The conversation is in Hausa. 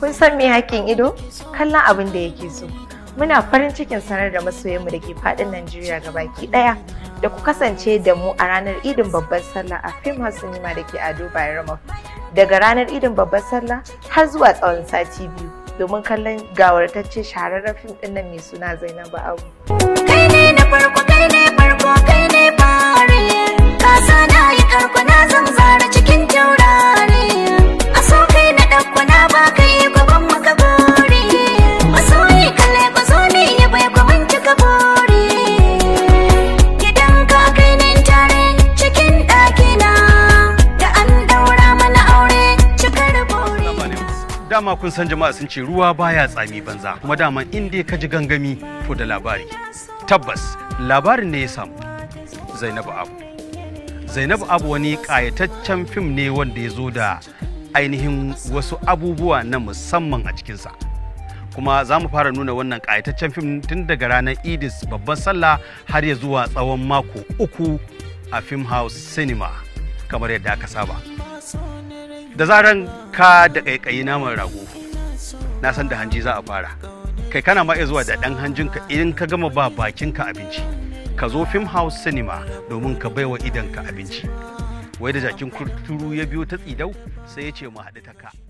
Kun san me hakkin ido? Kallon abin da yake so. Muna farin cikin sanar da masoyanmu da ke faɗin Najeriya baki ɗaya da ku kasance da mu a ranar idin babban sallah a Fim House da ke Ado Bayarma. Daga ranar idin babban sallah har zuwa tsawon sati biyu domin kallon gawartacce shahararren fim ɗin nan mai suna Zainabu Abu. dama kun san jama'a sun ce ruwa baya tsami banza kuma dama in dai ka ji gangami to da labari tabbas labarin ne ya samu zainabu abu zainabu abu wani kayataccen fim ne wanda ya zo da ainihin wasu abubuwa na musamman a cikinsa kuma za mu fara nuna wannan kayataccen fim tun daga ranar idis babban sallah har ya zuwa tsawon mako uku a film house cinema kamar yadda aka saba da zaran ka da ƙaiƙayi naman rago na san da hanji za a fara kai kana ma zuwa da ɗan hanjinka idan ka gama ba bakinka abinci ka zo film house cinema domin ka baiwa idanka abinci wai da jakin kurturu ya biyo ta tsidau sai ya ce mu haɗu ta ka